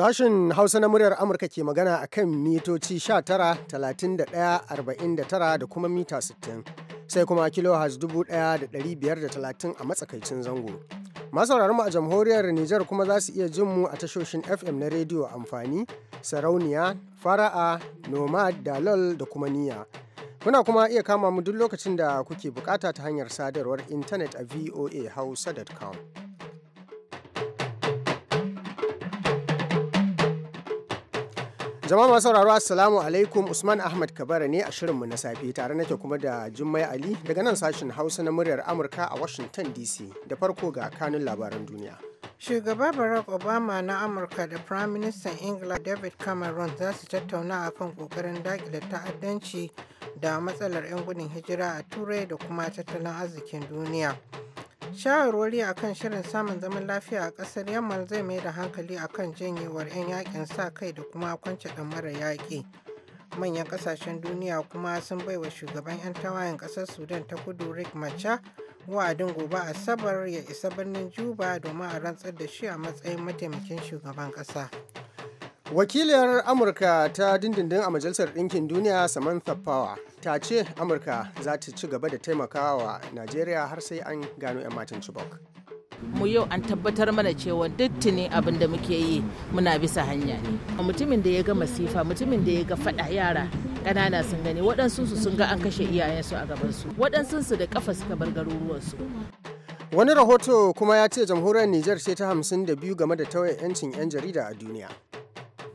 Sashen Hausa na muryar Amurka ke magana a kan mitoci 19, 31, 49 da kuma mita 60, sai kuma da 1530 a matsakaicin zango. Masauraran mu a jamhuriyar Nijar kuma za su iya jin mu a tashoshin FM na rediyo amfani, sarauniya, fara'a, nomad, dalol da kuma niya. Kuna kuma iya kama mu duk lokacin da kuke bukata ta hanyar sadarwar intanet a voahausa.com. Jama'a masu sauraro Assalamu alaikum Usman Ahmad Kabara ne a shirinmu na safe tare nake kuma da Jummai Ali daga nan sashen Hausa na muryar Amurka a Washington DC da farko ga kanun labaran duniya. Shugaba Barack Obama na Amurka da Prime Minister Ingila David Cameron za su tattauna a kan kokarin dakile ta'addanci da matsalar 'yan gudun hijira a Turai da kuma tattalin arzikin duniya. shawarwari a kan shirin samun zaman lafiya a kasar yamman zai mai da hankali akan janyewar 'yan yakin sa kai da kuma kwance mara yaƙi manyan kasashen duniya kuma sun baiwa shugaban 'yan tawayen kasar sudan ta kudu rick macha wa'adin gobe asabar ya isa birnin juba domin a rantsar da shi a matsayin mataimakin shugaban kasa Wakiliyar Amurka ta dindindin a Majalisar Ɗinkin Duniya Samantha Power ta ce Amurka za ta ci gaba da taimakawa Najeriya har sai an gano 'yan matan Chibok. mu yau an tabbatar mana cewa duttuni abin da muke yi muna bisa hanya ne mutumin da ya ga masifa mutumin da ya ga fada yara ƙanana sun gani waɗansu sun ga an kashe iyayensu a gabansu waɗansu su da kafa suka bar garuruwansu wani rahoto kuma ya ce jamhuriyar nijar ce ta da biyu game da tauye 'yancin 'yan jarida a duniya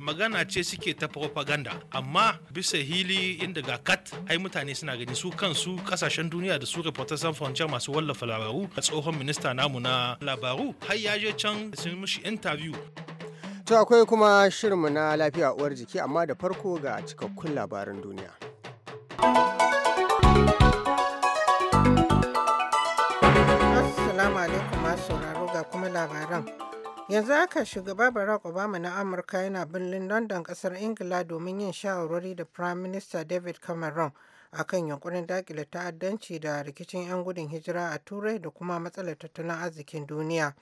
magana ce suke ta propaganda amma bisa hili inda ga kat ai mutane suna gani su kansu kasashen duniya da su reporters sans frontières masu wallafa labaru a tsohon minista namu na labaru har ya je can sun mishi interview to akwai kuma shirinmu na lafiya uwar jiki amma da farko ga cikakkun labaran duniya Assalamu alaikum masu sauraro ga kuma labaran. Yanzu haka shugaba Barack Obama na Amurka yana birnin London kasar Ingila domin yin shawarwari da Prime Minister David Cameron akan yunkurin dakile ta'addanci da rikicin 'yan gudun hijira a Turai da kuma matsalar tattalin arzikin duniya.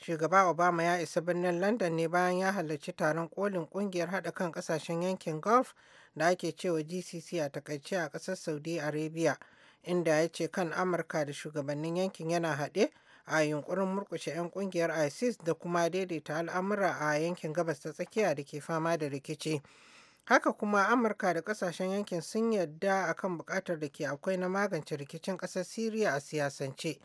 Shugaba Obama ya isa birnin London ne bayan ya halarci taron kolin kungiyar haɗa kan ƙasashen yankin Gulf da ake cewa GCC a takaice a ƙasar Saudi Arabia, inda ya ce kan Amurka da shugabannin yankin yana haɗe a yunkurin murkushe 'yan kungiyar isis da kuma daidaita al'amura a yankin gabas ta tsakiya da ke fama da rikici haka kuma amurka da kasashen yankin sun yarda akan bukatar da ke akwai na magance rikicin ƙasar syria a siyasance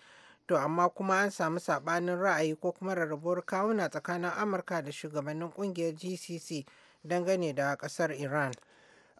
to amma kuma an samu saɓanin ra'ayi ko kuma rarrabuwar kawuna tsakanin amurka da shugabannin kungiyar gcc dangane da ƙasar iran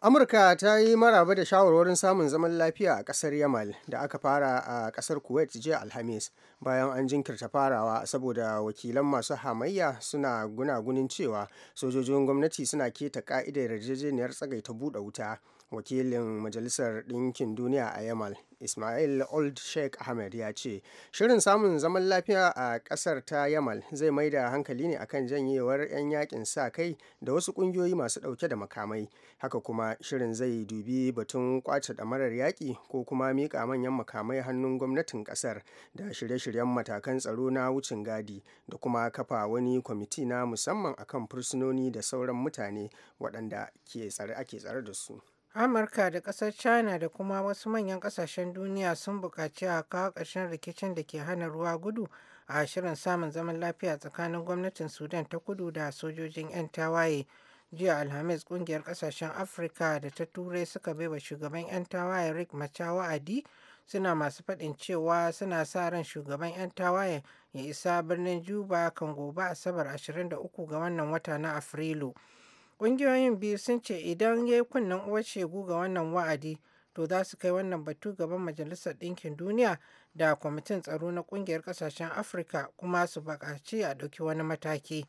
amurka ta yi maraba da shawarwarin samun zaman lafiya a ƙasar yamal da aka fara a ƙasar kuwait jiya alhamis bayan an jinkirta farawa saboda wakilan masu hamayya suna gunagunin cewa sojojin gwamnati suna keta ka'idar yarjejeniyar tsagaita buɗe wuta wakilin majalisar ɗinkin duniya a yamal ismail old sheikh ahmed ya ce shirin samun zaman lafiya a ƙasar ta yamal zai mai da hankali ne akan janyewar 'yan yakin sa kai da wasu ƙungiyoyi masu ɗauke da makamai haka kuma shirin zai dubi batun kwace ɗamarar yaƙi ko kuma miƙa manyan makamai hannun gwamnatin ƙasar da shirye-shiryen matakan tsaro na wucin gadi da kuma kafa wani kwamiti na musamman akan fursunoni da sauran mutane waɗanda ake tsare da su. Amurka da ƙasar China da kuma wasu manyan ƙasashen duniya sun buƙaci a kawo ƙarshen rikicin da ke hana ruwa gudu a shirin samun zaman lafiya tsakanin gwamnatin Sudan ta kudu da sojojin 'yan tawaye. Jiya Alhamis ƙungiyar ƙasashen Afirka da ta Turai suka bai wa shugaban 'yan tawaye Rick Machar wa'adi suna masu faɗin cewa suna sa ran shugaban 'yan tawaye ya isa birnin Juba kan gobe Asabar 23 ga wannan wata na Afrilu. Ƙungiyoyin biyu sun ce idan ya yi kunnen uwar shegu ga wannan wa'adi, to za su kai wannan batu gaban Majalisar Ɗinkin Duniya da Kwamitin Tsaro na Ƙungiyar Ƙasashen Afirka kuma su buƙaci a ɗauki wani mataki.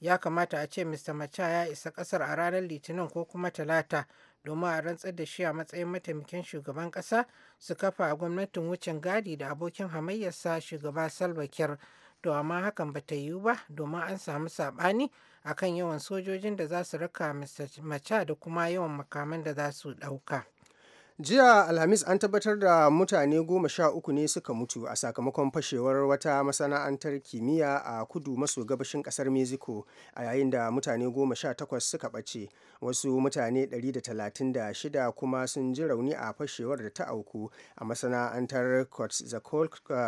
Ya kamata a ce Mr. Macha ya isa ƙasar a ranar Litinin ko kuma Talata domin a rantsar da shi a matsayin mataimakin shugaban ƙasa su kafa a gwamnatin wucin gadi da abokin hamayyarsa shugaba Salva Kiir to amma hakan ba ta yiwu ba domin an samu saɓani akan yawan sojojin da za su raka Mr. da kuma yawan makaman da za su ɗauka. jiya alhamis an tabbatar da mutane goma sha uku ne suka mutu a sakamakon fashewar wata masana'antar kimiyya a kudu maso gabashin kasar mexico a yayin da mutane goma sha takwas suka ɓace wasu mutane 136 kuma sun ji rauni a fashewar da ta auku a masana'antar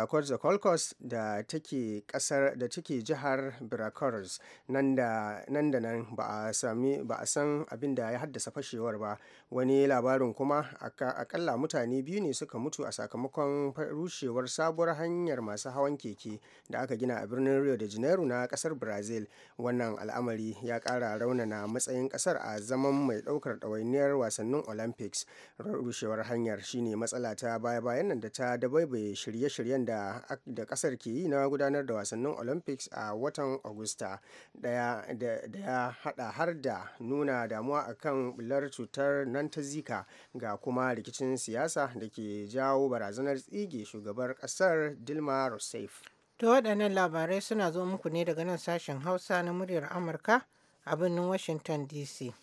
Coatzacoalcos eh, da take kasar da take jihar birakors nan da nan ba a san abin da ya haddasa fashewar ba wani labarin kuma akalla mutane biyu ne suka mutu a sakamakon rushewar sabuwar hanyar masu hawan keke da aka gina a birnin Rio de Janeiro na kasar Brazil wannan al'amari ya kara raunana matsayin kasar a zaman mai ɗaukar ɗawainiyar wasannin olympics rushewar hanyar shine matsala ta baya-bayan nan da ta dabaibaye shirye-shiryen da ƙasar ke yi na gudanar da wasannin olympics a watan agusta da ya haɗa har da nuna damuwa akan bular cutar nan ta zika ga kuma rikicin siyasa da ke jawo barazanar tsige shugabar ƙasar dilma rousseff To waɗannan labarai suna zo muku ne daga nan sashen Hausa na muryar Amurka a birnin Washington DC.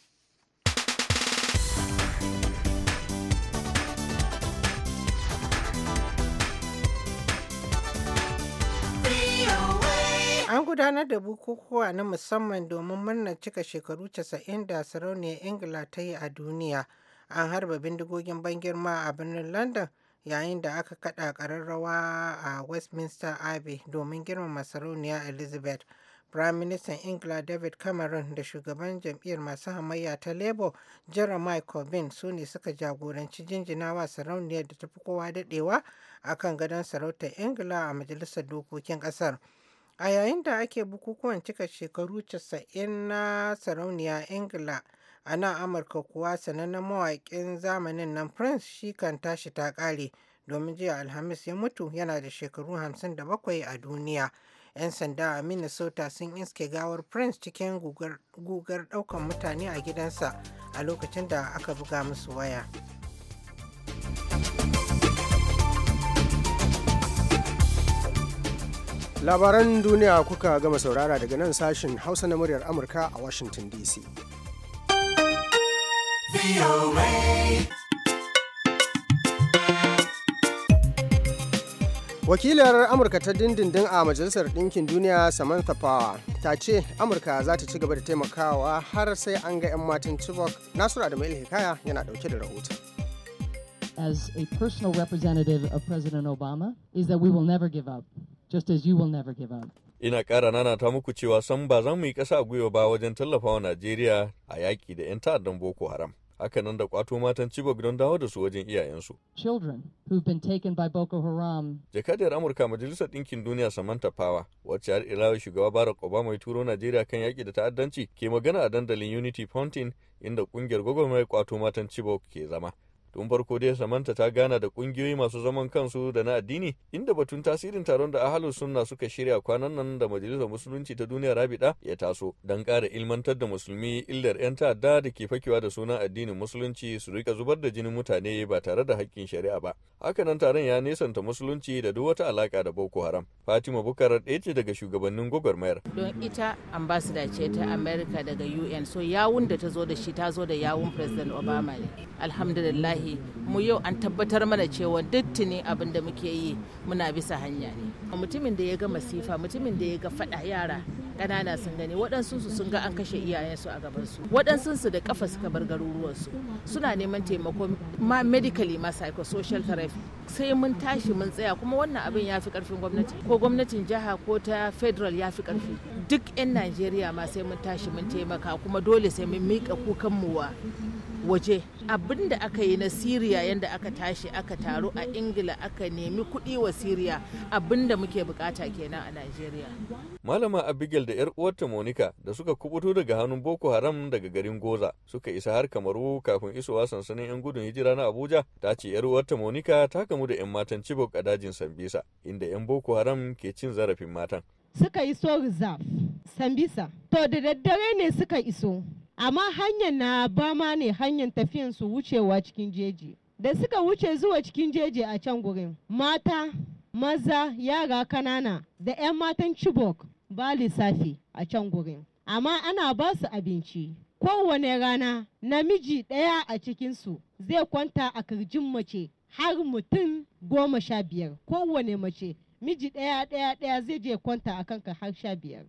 An gudanar da bukukuwa na musamman domin murnar cika shekaru 90 da sarauniyar Ingila ta yi a duniya. An harba bindigogin ban girma a birnin London yayin da aka kada ƙararrawa a Westminster Abbey domin girmama sarauniya Elizabeth. minister Ingila David Cameron da shugaban jam'iyyar masu hamayya ta Labour Jeremiah Corbyn su ne suka jagoranci jinjinawa sarauniyar da ta fi kowa daɗewa a kan gadon sarautar Ingila a Majalisar Dokokin ƙasar. A yayin da ake bukukuwan cika shekaru 90 na sarauniya Ingila a nan Amurka kuwa sanannen mawaƙin zamanin nan Prince shi kan tashi ta ƙare domin jiya Alhamis ya mutu yana da shekaru 57 a duniya. 'Yan sanda a Minnesota sun iske gawar Prince cikin gugar daukan mutane a gidansa a lokacin da aka buga musu waya. Labaran duniya kuka gama saurara daga nan sashen Hausa na muryar Amurka a Washington DC. wakilar amurka ta dindindin a majalisar ɗinkin duniya samantha power ta ce amurka za ta ci gaba da taimakawa har sai an ga 'yan matan chibok nasura da mail hikaya yana ɗauke da rahoton as a personal representative of President Obama is that we will never give up, just as you will never give up. Ina ƙara ta muku cewa san ba za mu yi ƙasa gwiwa ba wajen tallafa wa Najeriya a yaƙi da 'yan ta'addan Boko Haram. haka nan da kwato matan Chibok don dawo da su wajen iyayensu. Children who've been taken by Boko Haram. Jakadiyar Amurka Majalisar Ɗinkin Duniya Samantha Power, wacce har ilawa shugaba Barack Obama ya turo Najeriya kan yaƙi da ta'addanci, ke magana a dandalin Unity Fountain inda ƙungiyar gwagwarmayar kwato matan Chibok ke zama. Tun farko dai Samanta ta gana da kungiyoyi masu zaman kansu da na addini inda batun tasirin taron da ahalu sunna suka shirya kwanan nan da Majalisar Musulunci ta Duniya Rabida ya taso don ƙara ilmantar da musulmi illar 'yan ta'adda da ke fakewa da sunan addinin musulunci su rika zubar da jinin mutane ba tare da haƙƙin shari'a ba. Hakanan taron ya nesanta musulunci da duk wata alaƙa da Boko Haram. Fatima bukar ɗaya ce daga shugabannin gwagwarmayar. Don ita ambasada ce ta america daga UN so yawun da ta zo da shi ta zo da yawun President Obama ne. Alhamdulillah mu yau an tabbatar mana cewa duk duttuni abin da muke yi muna bisa hanya ne mutumin da ya ga masifa mutumin da ya ga fada yara ƙanana sun gani waɗansu su sun ga an kashe iyayensu a gabansu waɗansu su da kafa suka bar garuruwansu suna neman taimako ma medically ma psychosocial therapy sai mun tashi mun tsaya kuma wannan abin ya fi ƙarfin gwamnati ko gwamnatin jiha ko ta federal ya fi ƙarfi duk 'yan najeriya ma sai mun tashi mun taimaka kuma dole sai mun miƙa kukanmu wa waje abin da aka yi na siriya yadda aka tashi aka taru a ingila aka nemi kuɗi wa siriya abin da muke bukata kenan a najeriya malama abigail da 'yar uwarta monica da suka kubuto daga hannun boko haram daga garin goza suka isa har kamaru kafin isowa sansanin 'yan gudun hijira na abuja ta ce 'yar uwarta monica ta kamu da 'yan matan cibok a dajin sambisa inda 'yan boko haram ke cin zarafin matan suka iso reserve sambisa to da daddare ne suka iso amma hanyar na ba ma ne hanyar tafiyan su wucewa cikin jeji da suka wuce zuwa cikin jeji a can gurin mata maza yara kanana da 'yan matan chibok ba lissafi a can gurin amma ana ba su abinci kowane rana namiji ɗaya a cikinsu zai kwanta a kirjin mace har mutum goma sha biyar kowane mace miji ɗaya ɗaya ɗaya zai je kwanta a kanka har sha biyar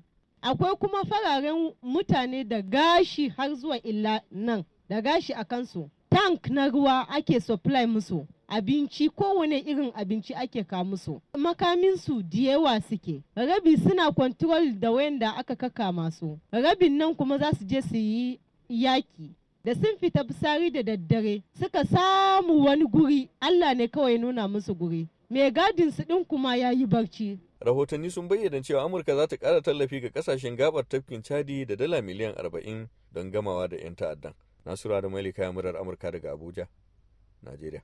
akwai kuma fararen mutane da gashi har zuwa illa nan da gashi a kansu tank na ruwa ake supply musu abinci kowane irin abinci ake ka musu makaminsu diyewa suke rabi suna control da wayanda aka kaka masu rabin nan kuma za su je su yi yaki da sun fita bisari da daddare suka samu wani guri allah ne kawai nuna musu guri mai gadin su ɗin kuma ya yi barci. Rahotanni sun bayyana cewa Amurka za ta ƙara tallafi ga kasashen gabar tafkin Chadi da dala miliyan arba'in don gamawa da 'yan ta'addan. Nasura da Malika murar Amurka daga Abuja, Najeriya.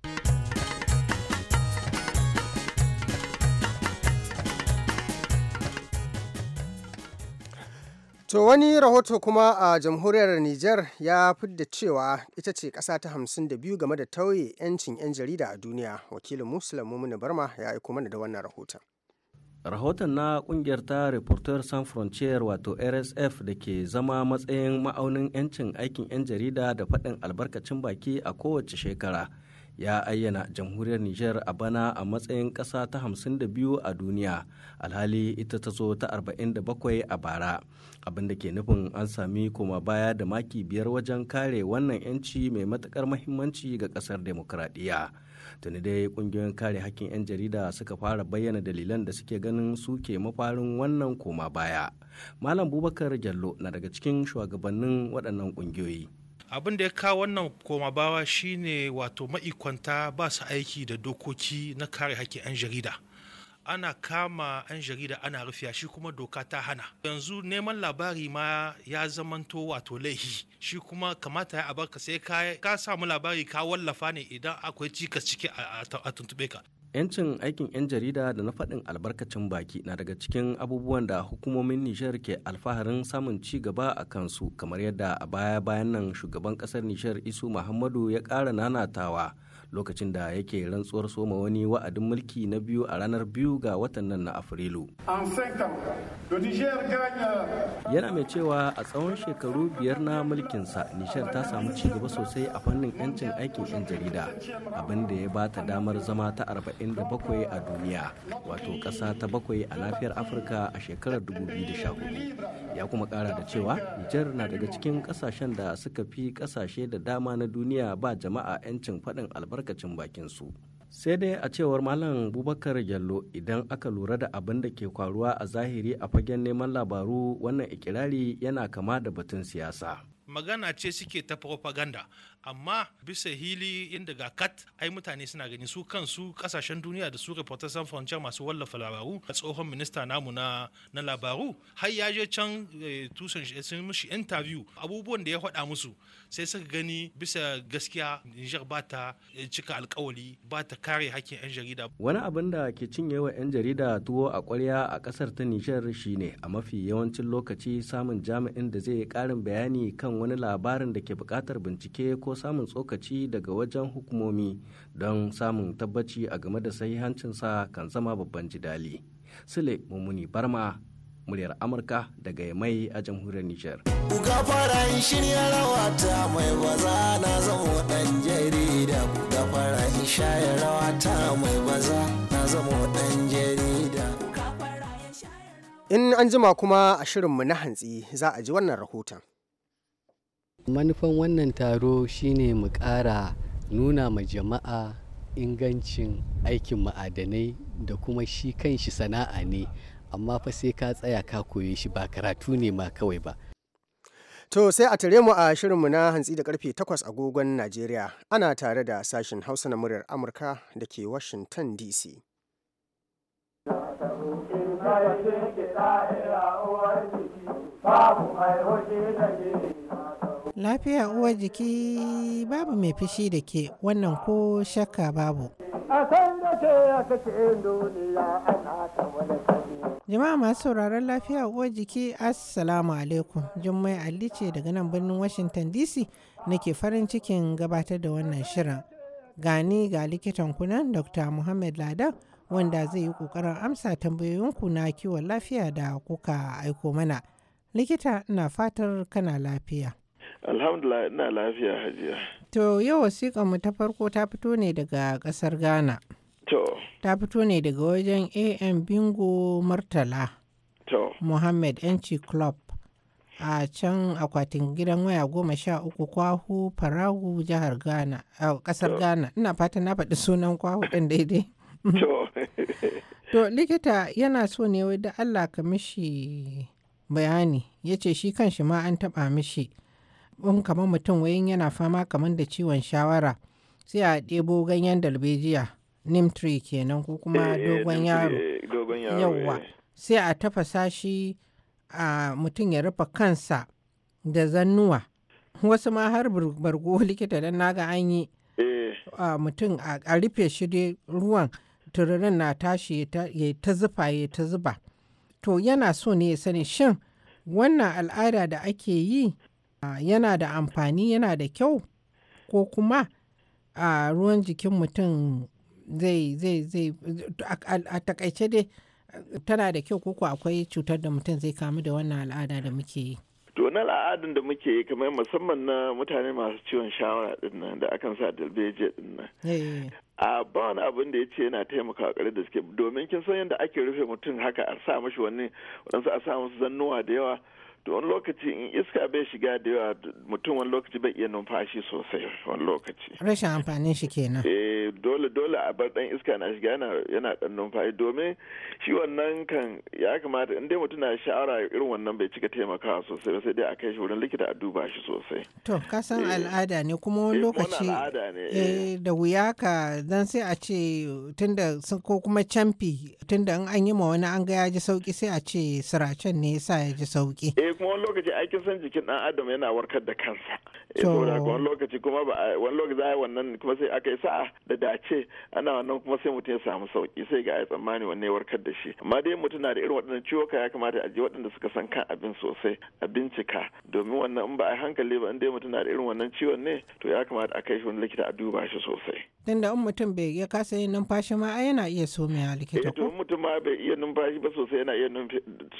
To wani rahoto kuma a jamhuriyar Nijar ya fidda cewa ita ce ƙasa ta 52 game da tauye 'yancin 'yan jarida a duniya. Wakilin Musulun Mumuni Barma ya yi kuma da wannan rahoton. Rahoton na kungiyar ta Reporter san Frontier wato RSF da ke zama matsayin ma'aunin 'yancin aikin 'yan jarida da faɗin albarkacin baki a kowace shekara. ya ayyana jamhuriyar Nijar a bana a matsayin ƙasa ta hamsin da biyu a duniya alhali ita ta zo ta arba'in da bakwai a bara abinda ke nufin an sami koma baya da maki biyar wajen kare wannan 'yanci mai matukar mahimmanci ga ƙasar demokradiyya tuni dai kungiyoyin kare hakkin 'yan jarida suka fara bayyana dalilan da suke ganin suke mafarin wannan koma baya malam bubakar jallo na daga cikin shugabannin waɗannan ƙungiyoyi. abin da ya kawo wannan koma bawa shine wato ma'ikwanta ba su aiki da dokoki na kare haƙƙin 'yan jarida ana kama 'yan jarida ana rufiya shi kuma doka ta hana yanzu neman labari ma ya zamanto wato laihi shi kuma kamata ya abarka sai ka samu labari ka wallafa ne idan akwai cikas ciki a tuntube ka 'Yancin aikin 'yan jarida da na faɗin albarkacin baki na daga cikin abubuwan da hukumomin Nijar ke alfaharin samun ci gaba a kansu kamar yadda a baya-bayan nan shugaban ƙasar nishar Isu Muhammadu ya ƙara nanatawa. lokacin da yake rantsuwar soma wani wa'adin mulki na biyu a ranar biyu ga watan nan na afrilu yana mai cewa a tsawon shekaru biyar na mulkinsa nishar ta samu ci gaba sosai a fannin 'yancin aikin 'yan jarida abin da ya ba ta damar zama ta 47 a duniya wato kasa ta bakwai a lafiyar afirka a shekarar 2014 ya kuma kara da cewa nijar na daga cikin kasashen da suka fi kasashe da dama na duniya ba jama'a 'yancin faɗin albarka albarkacin bakinsu. Sai dai a cewar Malam Bubakar Jallo idan aka lura da abin da ke kwaruwa a zahiri a fagen neman labaru wannan ikirari yana kama da batun siyasa. Magana ce suke ta propaganda amma bisa hili inda ga kat ai mutane suna gani su kansu kasashen duniya da su reporters san frontières masu wallafa labaru tsohon minista namu na na labaru har ya je can eh, tusan sun mishi interview abubuwan da ya faɗa musu sai suka gani bisa gaskiya Niger ba ta eh, cika alkawali ba ta kare hakkin 'yan jarida wani abin da ke cinye wa 'yan jarida tuwo a kwarya a kasar ta Niger shine a mafi yawancin lokaci samun jami'in da zai yi karin bayani kan wani labarin da ke bukatar bincike ko ko samun tsokaci daga wajen hukumomi don samun tabbaci a game da sahihancinsa kan zama babban jidali. Sule Mumuni Barma muryar Amurka daga Yamai a jamhuriyar Nijar. Kuka fara yin shirya rawa mai baza na zama jarida. Kuka fara in shaya rawa mai baza na zama jarida. In an jima kuma a shirinmu na hantsi za a ji wannan rahoton. manufan wannan taro shine mu ƙara nuna ma jama'a ingancin aikin ma'adanai da kuma shi kanshi sana'a ne amma fa sai ka tsaya ka koye shi ba karatu ne ma kawai ba to sai a tare mu a mu na hantsi da karfe 8 agogon najeriya ana tare da sashen hausa na muryar amurka da ke washington dc babu mai hoji da Lafiya uwar jiki babu mai fushi da ke wannan ko shakka babu. Jama'a masu sauraron lafiya uwar jiki Assalamu alaikum. Jummai Ali ce daga nan birnin Washington DC nake farin cikin gabatar da wannan shirin. Gani ga likitan kunan Dr. Muhammad Ladan wanda zai yi kokarin amsa tambayoyinku na kiwon lafiya da kuka aiko mana. Likita na fatar kana lafiya. Alhamdulillah ina lafiya hajiya. To yau wasiƙa mu ta farko ta fito ne daga ƙasar Ghana. To. Ta fito ne daga wajen AM Bingo Murtala. To. Muhammad Yanci Club. A can akwatin gidan waya goma sha uku kwahu Faragu jihar Ghana, a ƙasar Ghana. Ina fata na faɗi sunan kwahu ɗin daidai. To. likita yana so ne da Allah ka mishi bayani ya ce shi kan shi ma an taɓa mishi. in kamar mutum wayin yana fama kamar da ciwon shawara sai a ɗebo ganyen dalbejiya nim tree kenan ko kuma eh, eh, eh, dogon yaro yawwa sai a tafasa shi a mutum ya rufe kansa da zannuwa wasu ma har bargo likita don naga an yi mutum a rufe shi dai ruwan tururin na tashi ya ta zufa ya ta zuba to yana so ne ya sani shin wannan al'ada da ake yi yana da amfani yana da kyau ko kuma a ruwan jikin mutum zai zai zai a takaice dai tana da kyau ko akwai cutar da mutum zai kamu da wannan al'ada da muke yi to na al'adun da muke yi kamar musamman na mutane masu ciwon shawara din nan da akan sa dalbeje din nan eh. a ba wani abin da ya ce yana taimaka a da suke domin kin san yadda ake rufe mutum haka a sa mashi wani wadansu a sa musu zannuwa da yawa to wani lokaci in iska bai shiga da yawa mutum wani lokaci bai iya numfashi sosai wani lokaci rashin amfanin shi kenan eh dole dole a bar dan iska na shiga yana yana dan numfashi domin shi wannan kan ya kamata in dai mutum na shawara irin wannan bai cika taimakawa sosai sai dai a kai shi wurin likita a duba shi sosai to ka san eh. al'ada ne kuma wani eh, lokaci eh, eh da wuya ka dan sai a ce tunda ko kuma camfi tunda in an yi ma wani an ga ya ji sauki sai a ce siracen ne yasa ya ji sauki kuma wani lokaci aikin san jikin dan adam yana warkar da kansa Eh, wani lokaci kuma ba wani lokaci za a yi wannan kuma sai aka yi sa'a da dace ana wannan kuma sai mutum ya samu sauki sai ga a tsammani wanne ya warkar da shi amma dai mutum na da irin waɗannan ciwoka ya kamata a je waɗanda suka san kan abin sosai a bincika domin wannan in ba a hankali ba in dai mutum na da irin wannan ciwon ne to ya kamata a kai shi wani likita a duba shi sosai. Dan in mutum bai ya kasa yin numfashi ma ai yana iya somewa likita eh, ko? Eh mutum ma bai iya numfashi ba sosai yana iya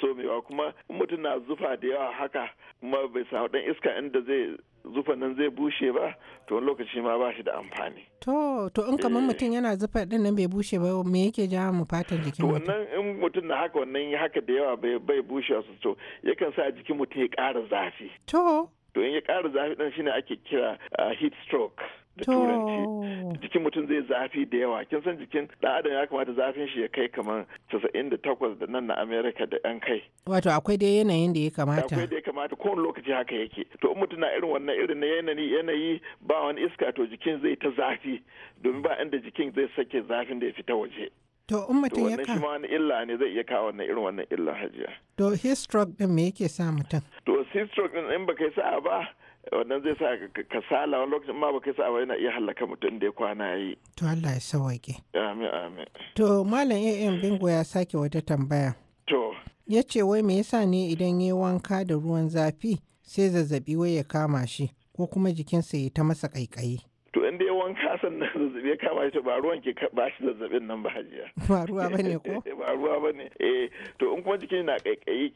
somewa kuma in mutum na zufa da yawa haka kuma bai samu dan iska inda zai zufan nan zai bushe ba to lokaci ma ba shi da amfani to to in kamar eh. mutum yana zufa din nan bai bushe ba me yake jawo mu fatan jikin mutum to wannan in mutum na haka wannan haka da yawa bai bushe su to yakan sa jikin mutum ya ƙara zafi to to in ya ƙara zafi din shine ake kira heat stroke da turanci jikin mutum zai zafi da yawa kin san jikin dan adam ya kamata zafin shi ya kai kamar 98 da nan na america da yan kai wato akwai dai yanayin da ya kamata akwai dai kamata kowane lokaci haka yake to in mutum na irin wannan irin na yanayi yanayi ba wani iska to jikin zai ta zafi domin ba inda jikin zai sake zafin da ya fita waje to in mutum ya ka wannan illa ne zai iya kawo wannan irin wannan illa hajiya to heat stroke din me yake sa mutum to heat stroke din in baka sa ba wannan zai sa ka sala wani lokacin ma baka sa ba yana iya halaka mutum da ya kwana yi. To Allah ya sauke Amin amin. To Malam AM Bingo ya sake wata tambaya. To. ya ce wai me yasa ne idan ya wanka da ruwan zafi sai zazzabi wai ya kama shi ko kuma jikinsa ya ta masa kaikayi. To in dai wanka sannan zazzabi ya kama shi ba ruwan ke ba shi zazzabin nan ba hajiya. Ba ruwa ba ne ko? Ba ruwa ba ne. Eh to in kuma jikin na kaikayi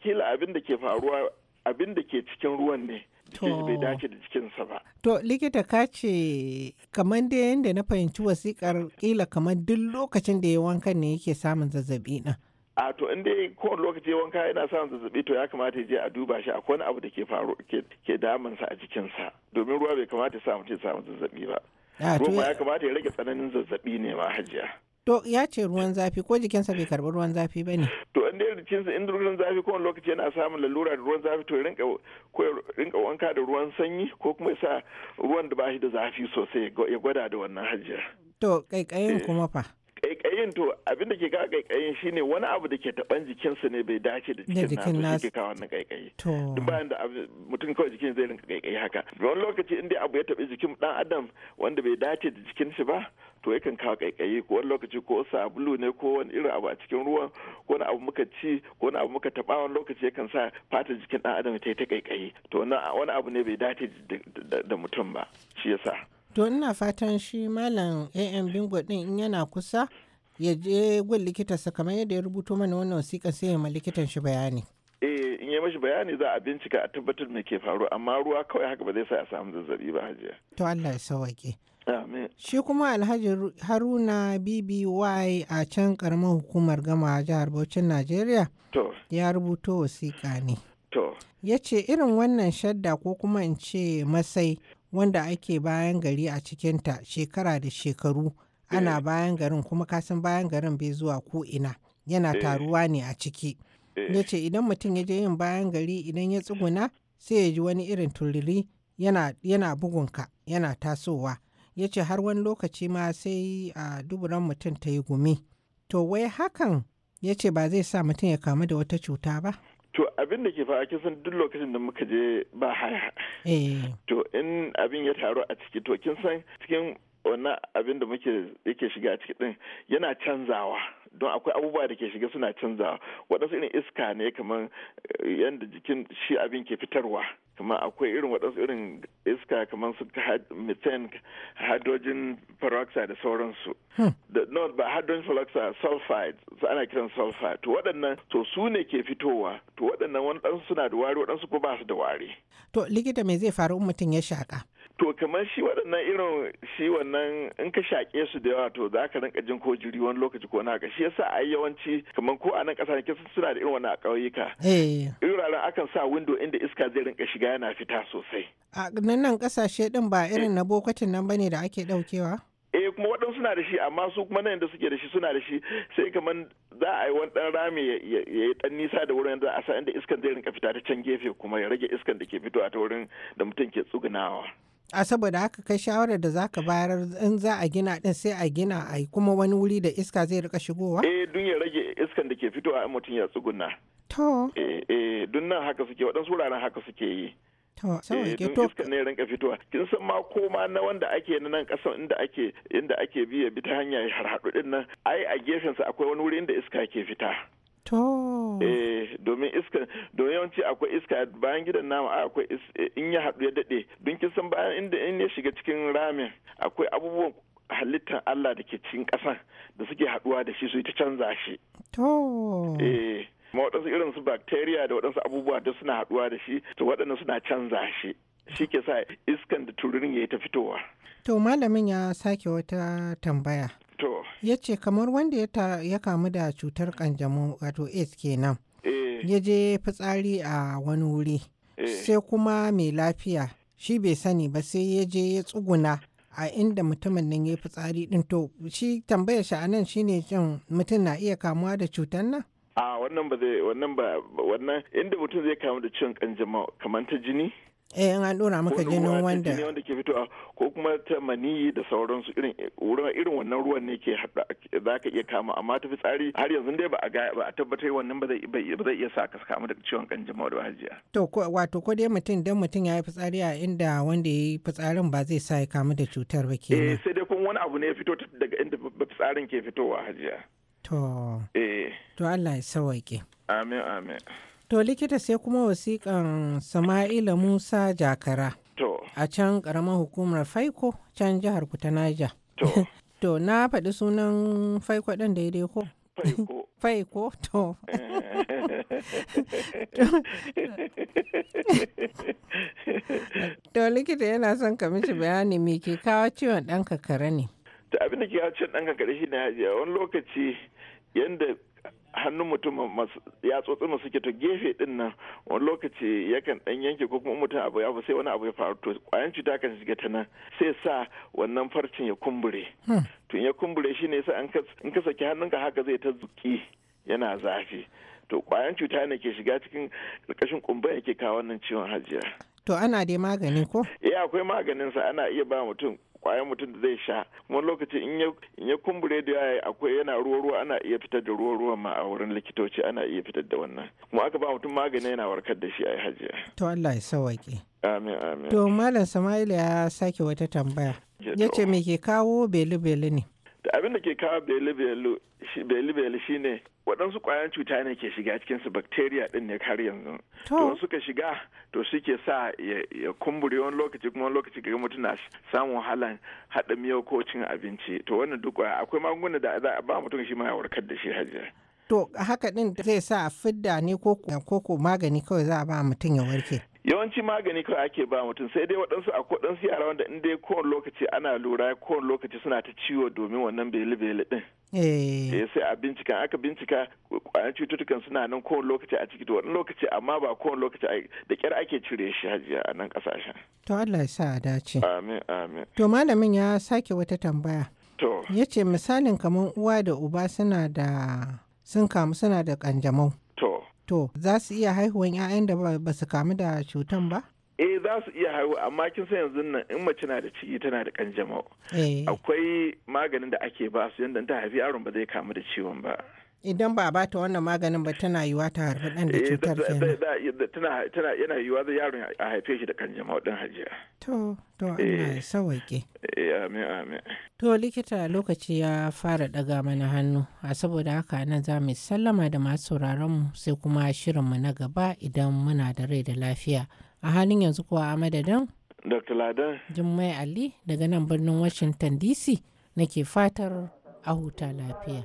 kila abin da ke faruwa abin da ke cikin ruwan ne. To, bai dace da jikinsa ba. To, likita ka ce kamar da yadda na fahimci wasikar kila kamar duk lokacin da ya wankan ne yake samun zazzabi na. a to in dai kowane lokaci wanka yana samun zazzabi to ya kamata ya je a duba shi akwai wani abu da ke faru ke damunsa a jikinsa domin ruwa bai kamata ya samu ce samun zazzabi ba ah, ruwa ya kamata ya rage tsananin zazzabi ne ma hajiya to ya ce ruwan zafi ko jikinsa bai karbi ruwan zafi ba ne to in dai jikinsa in ruwan zafi kowane lokaci yana samun lalura da ruwan zafi to rinka ko rinka wanka da ruwan sanyi ko kuma ya sa ruwan da ba shi da zafi sosai ya gwada da wannan hajiya to kaikayin kuma fa kaikayin to abin da ke kawo kaikayin shine wani abu da ke taban jikinsa ne bai dace da jikin nasu shi ke kawo wannan kaikayi duk bayan da mutum kawai jikin zai rinka kaikayi haka wani lokaci inda abu ya taɓi jikin dan adam wanda bai dace da jikin shi ba to yakan kawo kaikayi ko wani lokaci ko sabulu ne ko wani irin abu a cikin ruwan ko wani abu muka ci ko wani abu muka taba wani lokaci yakan sa fatar jikin dan adam ta yi ta kaikayi to wani abu ne bai dace da mutum ba shi yasa To ina fatan shi malam AM Bingo din in yana kusa ya je gun sa, kamar yadda ya rubuto mana wannan wasiƙa sai ya ma likitan shi bayani. Eh in yi mashi bayani za a bincika a tabbatar me ke faru amma ruwa kawai haka ba zai sa a samu zazzabi ba hajiya. To Allah ya sauwaƙe. Amin. Shi kuma Alhaji Haruna BBY a can karamar hukumar gama a jihar Bauchin Najeriya. To. Ya rubuto wasiƙa ne. To. Ya ce irin wannan shadda ko kuma in ce masai. wanda ake bayan gari a cikinta shekara da shekaru ana eh. bayan garin kuma kasan bayan garin bai zuwa ko ina yana eh. taruwa ne a ciki eh. ya ce idan mutum ya je yin bayan gari idan ya tsuguna sai ya ji wani irin tururi yana, yana bugunka yana tasowa ya ce har wani lokaci ma sai a duburan mutum ta yi gumi to wai hakan ya ce ba zai sa mutum ya kamu da wata cuta ba to abin da ke fa'a kisan duk lokacin da muka je ba haya eh. in abin ya taru a ciki to kin san cikin wannan abin da muke yake shiga a ciki din yana canzawa don akwai abubuwa da ke shiga suna canzawa waɗansu irin iska ne kamar eh, yadda jikin shi abin ke fitarwa kamar akwai irin waɗansu irin iska kamar su methane hydrogen peroxide da sauransu hmm. no ba hydrogen peroxide sulfide su ana kiran sulfide to waɗannan to su ne ke fitowa to waɗannan waɗansu suna da wari waɗansu ko ba su da wari to likita me zai faru in mutum ya shaka to kamar shi waɗannan irin shi wannan in ka shaƙe su da yawa to za ka rinka jin ko jiri wani lokaci ko naka shi yasa a yawanci kamar ko a nan ƙasa ne suna da irin wani a ƙauyuka iraren eh. akan sa window inda iska zai rinka shiga yana fita sosai a nan ƙasashe din ba irin na bokatin nan bane da ake ɗaukewa eh kuma waɗansu suna da shi amma su kuma nan da suke da shi suna da shi sai kamar za a yi wani ɗan rami ya yi ɗan nisa da wurin da a sa inda iskan zai rinka fita ta can gefe kuma ya rage iskan da ke fitowa ta wurin da mutum ke tsugunawa a saboda haka kai shawarar da zaka bayar in za a gina din sai a gina a kuma wani wuri da iska zai rika shigowa eh dun ya rage iskan da ke fitowa in mutum ya tsuguna to eh eh dun nan haka suke waɗansu wuraren haka suke yi To, sai eh, ke to. Iska ne rinka fitowa. Kin san ma koma na wanda ake na nan kasan inda ake inda ake biya bi ta hanya har haɗu din nan. Ai a gefensa akwai wani wuri inda iska ke fita. To. Eh, domin iska, domin yawanci akwai iska bayan gidan nama akwai eh, in ya haɗu ya daɗe. Don kin san bayan inda in ya shiga cikin ramin akwai abubuwan halittar Allah da ke cikin ƙasan da suke haɗuwa da shi su ta canza shi. To. Eh. ma waɗansu irin su bacteria da waɗansu abubuwa da suna haɗuwa da shi, to waɗannan suna canza shi. Shi ke sa iskan da tururin ya yi ta fitowa. To malamin ya sake wata tambaya. ya ce kamar wanda ya kamu da cutar kanjamau wato aids kenan eh. ya je fitsari a wani wuri eh. sai kuma mai lafiya shi bai sani ba sai ya je ya tsuguna a inda mutumin nan ya fitsari din to shi tambaya shi a nan shine jin mutum na iya kamuwa da cutar nan a wannan ba zai wannan ba wannan inda mutum zai kamu da ciwon kanjamau kamar ta jini eh in an dora maka ginin wanda ne wanda ke fitowa ko kuma ta maniyi da sauransu irin wurin irin wannan ruwan ne ke hada zaka iya kama amma ta fitsari har yanzu dai ba a ba a tabbatar wannan ba zai iya sa ka kamu da ciwon kanjamau da hajiya to wato ko dai mutum dan mutum ya yi fitsari a inda wanda ya yi fitsarin ba zai sa ya kamu da cutar ba kenan eh sai dai kuma wani abu ne ya fito daga inda fitsarin ke fitowa hajiya to eh to Allah ya sauke amin amin To likita sai kuma wasiƙan Sama'ila Musa Jakara. A can ƙaramar hukumar Faiko can jihar ku ta To. to na faɗi sunan Faiko ɗin daidai ko? Faiko. Faiko to. To likita yana son ka mishi bayani me ke kawo ciwon ɗan kakara ne. Ta abin da ke kawo ciwon ɗan kakara shi ne hajiya wani lokaci yanda hannun mutum ya tsotsi mu ke to gefe din nan wani lokaci yakan dan yanke ko kuma mutum abu ya fa sai wani abu ya faru to kwayan cuta kan shiga ta nan sai sa wannan farcin ya kumbure hmm. to ya kumbure shi ne sai in ka saki hannunka haka zai ta zuki yana zafi to kwayan cuta ne ke shiga cikin karkashin kumban yake kawo wannan ciwon hajiya to ana dai magani ko eh akwai maganin sa ana iya ba mutum kwayan mutum da zai sha wani lokaci in ya kumbure da yaya akwai yana ruwa ruwa ana iya fitar da ruwa ruwa ma a wurin likitoci ana iya fitar da wannan kuma aka ba mutum magani yana warkar da shi a hajiya to Allah ya sawaƙe amin amin to malam Sama'ila ya sake wata tambaya yace me ke kawo belu belu ne da abin da ke kawo beli shi ne waɗansu ƙwayan cuta ne ke shiga cikinsu bakteriya ɗin ne har yanzu to suka shiga to suke sa ya kumbure wani lokaci kuma wani lokaci ga mutum na samun wahalan haɗa miyau ko cin abinci to wannan duk akwai magunguna da za a ba mutum shi ma ya warkar da shi hajiya to haka ɗin zai sa fidda ne ko ko magani kawai za a ba mutum ya warke yawanci magani kawai ake ba mutum sai dai waɗansu a waɗansu yara wanda in dai kowane lokaci ana lura kowane lokaci suna ta ciwo domin wannan bele-bele ɗin Eh, eh sai a bincika aka bincika kwayan cututtukan suna nan kowane lokaci a ciki da wani lokaci amma ba kowane lokaci da kyar ake cire shi hajiya a nan ƙasashen. To Allah ya sa a dace. Amin amin. To malamin ya sake wata tambaya. To. Ya ce misalin kamar uwa da uba suna da sun kamu suna da kanjamau. To, za su iya haihuwan 'ya'yan da ba su kamu da cutan ba? Eh za su iya haihuwa, amma kin san yanzu nan in mace na da ciki tana da kanjamau. Eh. Akwai maganin da ake ba su yadda ta haifi yaron ba zai kamu da ciwon ba. idan ba a bata wannan maganin ba tana wa ta harfi ɗan da eh, cutar kenan. Tana yana yiwa da yaron a haife shi da kanjamau ɗin hajiya. To to Allah ya eh. sawaƙe. Eh amin amin. To likita lokaci ya fara ɗaga mana hannu a saboda haka nan za mu sallama da masu sauraron mu sai kuma shirin mu na gaba idan muna da rai da lafiya. A halin yanzu kuwa a madadin. Dr. Ladan. Jummai Ali daga nan birnin Washington DC nake fatar a huta lafiya.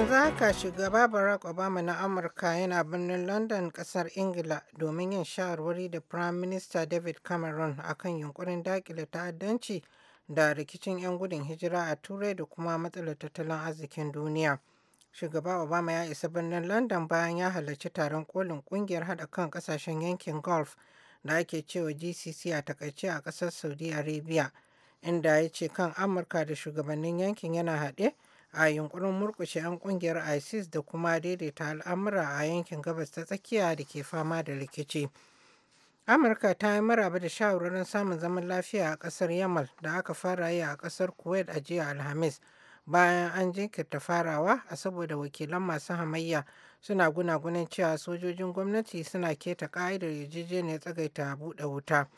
yanzu haka shugaba barack obama na amurka yana birnin london kasar ingila domin yin shawarwari da prime minister david cameron akan yunkurin dakile ta'addanci da rikicin 'yan gudun hijira a turai da kuma matsalar tattalin arzikin duniya shugaba obama ya isa birnin london bayan ya halarci taron kolin kungiyar hada kan kasashen yankin golf da ake cewa gcc a takaice a kasar saudi arabia inda ya ce kan amurka da shugabannin yankin yana haɗe a yunkurin murkushe 'yan kungiyar isis da kuma daidaita al'amura a yankin gabas ta tsakiya da ke fama da rikici amurka ta yi maraba da shawararin samun zaman lafiya a kasar yamal da aka fara yi a kasar kuwait a jiya alhamis bayan an jinkirta farawa a saboda wakilan masu hamayya suna gunan cewa sojojin gwamnati suna keta ka'idar yarjejeniyar tsagaita buɗe wuta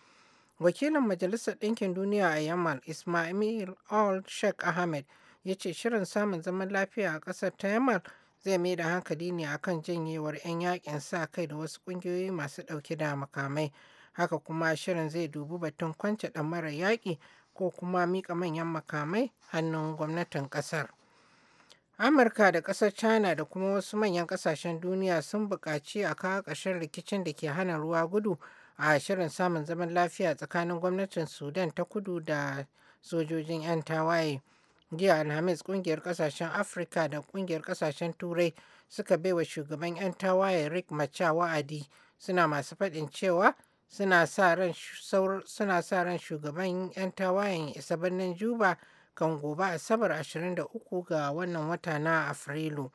wakilin majalisar ɗinkin duniya a yamal ismail al sheikh ahmed ya ce shirin samun zaman lafiya a ƙasar ta zai mai da hankali ne a kan janyewar 'yan yakin sa kai da wasu ƙungiyoyi masu ɗauke da makamai haka kuma shirin zai dubi batun kwance mara yaƙi ko kuma miƙa manyan makamai hannun gwamnatin ƙasar amurka da ƙasar china da kuma wasu manyan ƙasashen duniya sun buƙaci a kawo ƙarshen rikicin da ke hana ruwa gudu a shirin samun zaman lafiya tsakanin gwamnatin sudan ta kudu da sojojin 'yan tawaye Jiya Alhamis kungiyar kasashen Afirka da kungiyar kasashen Turai suka baiwa shugaban 'yan tawaye rick macha wa'adi suna masu faɗin cewa suna sa ran shugaban 'yan tawayen isa birnin Juba kan gobe Asabar 23 ga wannan wata na Afrilu.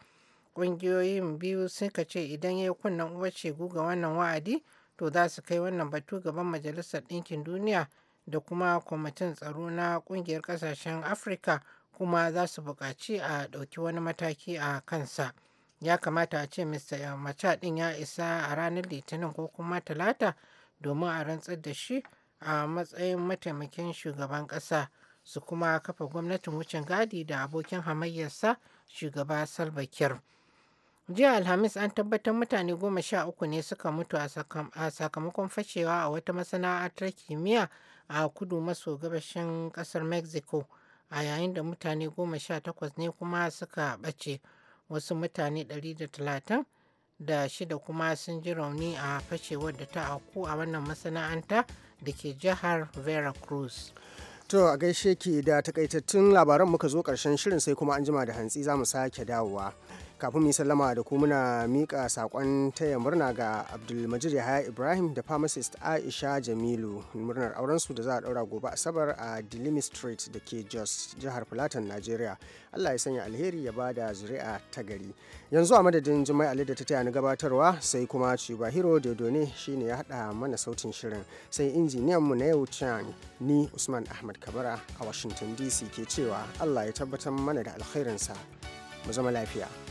Ƙungiyoyin biyu suka ce idan ya yi kunnen uwar shegu ga wannan wa'adi to za su kai wannan batu gaban Majalisar Ɗinkin Duniya da kuma Kwamitin Tsaro na Ƙungiyar Ƙasashen Afirka kuma za su buƙaci a ɗauki wani mataki a kansa ya kamata a ce mr eh, macha ɗin ya isa a ranar litinin ko kuma talata domin a rantsar da shi a matsayin mataimakin shugaban ƙasa su kuma kafa gwamnatin wucin gadi da abokin hamayyarsa shugaba salbakir jiya alhamis an tabbatar mutane goma sha uku ne suka mutu a sakamakon fashewa a wata masana'antar kimiyya a kudu maso gabashin kasar mexico a yayin da mutane goma sha takwas ne kuma suka ɓace wasu mutane ɗari da talatin da shida kuma sun ji rauni a fashewar da ta auku a wannan masana'anta da ke jihar veracruz to a gaishe ke da takaitattun labaran muka zo karshen shirin sai kuma an jima da hantsi za mu sake dawowa kafin mu sallama da ku muna mika sakon taya murna ga abdulmajid yahaya ibrahim da pharmacist aisha jamilu murnar auren su da za a daura gobe asabar a dilimi street da ke jos jihar filatan nigeria allah ya sanya alheri ya bada zuri'a ta gari yanzu a madadin jimai ali da ta taya na gabatarwa sai kuma cibahiro ne shine ya hada mana sautin shirin sai injiniyan mu na yau ni usman ahmad kabara a washington dc ke cewa allah ya tabbatar mana da alherinsa mu zama lafiya